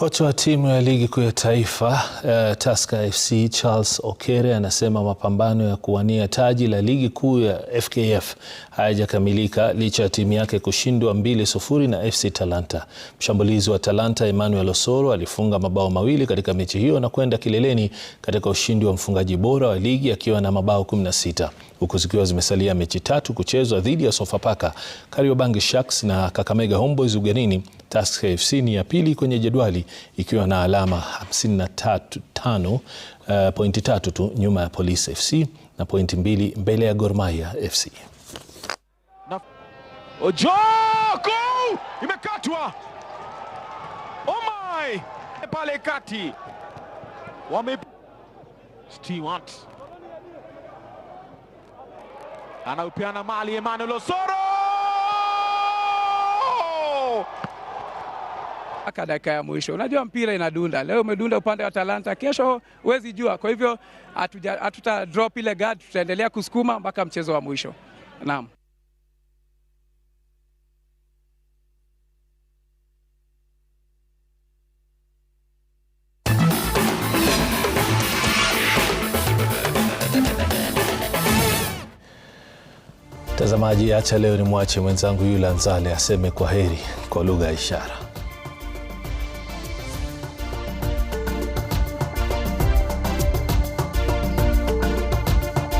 Kocha wa timu ya ligi kuu ya taifa uh, Tusker FC Charles Okere anasema mapambano ya kuwania taji la ligi kuu ya FKF hayajakamilika licha ya timu yake kushindwa 2-0 na FC Talanta. Mshambulizi wa Talanta Emmanuel Osoro alifunga mabao mawili katika mechi hiyo na kwenda kileleni katika ushindi wa mfungaji bora wa ligi akiwa na mabao 16, huku zikiwa zimesalia mechi tatu kuchezwa dhidi ya Sofapaka, Kariobangi Sharks na Kakamega Homeboys ugenini Tusker FC ni ya pili kwenye jedwali ikiwa na alama 53, uh, eh, pointi tatu tu nyuma ya Police FC na pointi mbili mbele ya Gor Mahia FC. Ojo, goal! Imekatwa. Oh my! Pale kati. Wame Stewart. Anaupeana mali Emmanuel Osoro. mpaka dakika ya mwisho. Unajua mpira inadunda, leo umedunda upande wa Talanta, kesho huwezi jua. Kwa hivyo hatuta drop ile guard, tutaendelea kusukuma mpaka mchezo wa mwisho. Naam. Mtazamaji, acha leo ni mwache mwenzangu yule Anzale aseme kwa heri kwa lugha ya ishara.